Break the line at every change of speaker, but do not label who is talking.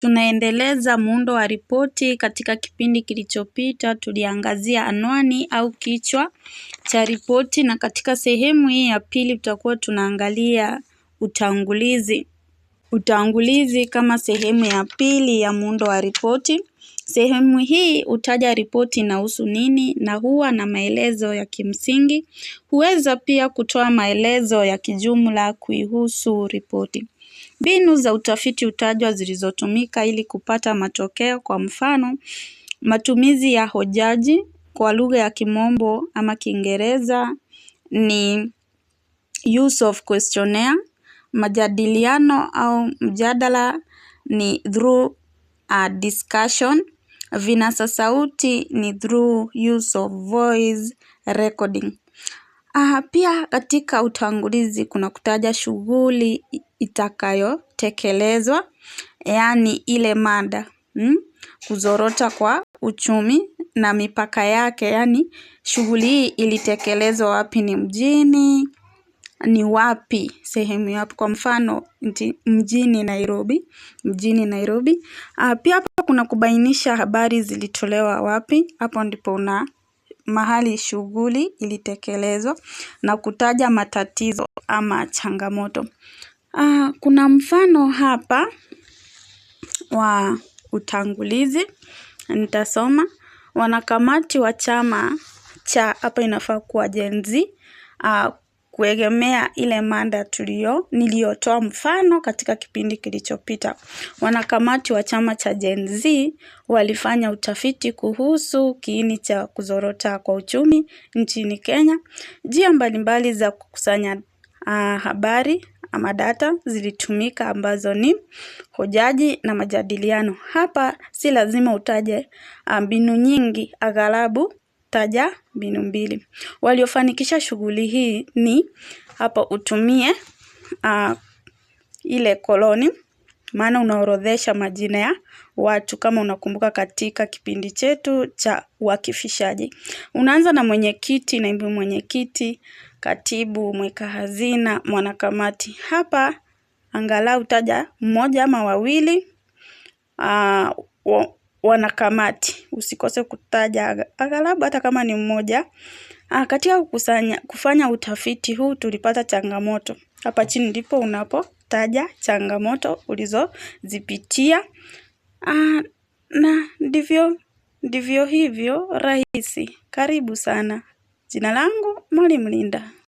Tunaendeleza muundo wa ripoti. Katika kipindi kilichopita, tuliangazia anwani au kichwa cha ripoti, na katika sehemu hii ya pili tutakuwa tunaangalia utangulizi. Utangulizi kama sehemu ya pili ya muundo wa ripoti. Sehemu hii hutaja ripoti inahusu nini na huwa na maelezo ya kimsingi. Huweza pia kutoa maelezo ya kijumla kuihusu ripoti. Mbinu za utafiti hutajwa zilizotumika ili kupata matokeo kwa mfano, matumizi ya hojaji kwa lugha ya kimombo ama kiingereza ni use of questionnaire majadiliano au mjadala ni through a discussion. Vinasa sauti ni through use of voice recording. Pia katika utangulizi kuna kutaja shughuli itakayotekelezwa, yaani ile mada, hmm, kuzorota kwa uchumi na mipaka yake, yaani shughuli hii ilitekelezwa wapi ni mjini, ni wapi sehemu yapo, kwa mfano mjini Nairobi, mjini Nairobi. Ah, pia hapa kuna kubainisha habari zilitolewa wapi, hapo ndipo una mahali shughuli ilitekelezwa na kutaja matatizo ama changamoto. Ah, kuna mfano hapa wa utangulizi, nitasoma. Wanakamati wa chama cha hapa inafaa kuwa jenzi uh, ah, kuegemea ile mada tulio niliyotoa mfano katika kipindi kilichopita. Wanakamati wa chama cha Gen Z walifanya utafiti kuhusu kiini cha kuzorota kwa uchumi nchini Kenya. Njia mbalimbali za kukusanya uh, habari ama data zilitumika ambazo ni hojaji na majadiliano. Hapa si lazima utaje mbinu nyingi, aghalabu taja mbinu mbili. Waliofanikisha shughuli hii ni hapa utumie uh, ile koloni maana unaorodhesha majina ya watu kama unakumbuka katika kipindi chetu cha uakifishaji. Unaanza na mwenyekiti, naibu mwenyekiti, katibu, mweka hazina, mwanakamati. Hapa angalau taja mmoja ama wawili uh, wanakamati usikose kutaja aghalabu hata kama ni mmoja. Ah, katika kukusanya, kufanya utafiti huu tulipata changamoto. Hapa chini ndipo unapotaja changamoto ulizozipitia. Ah, na ndivyo ndivyo hivyo rahisi. Karibu sana. Jina langu Mwalimu Linda.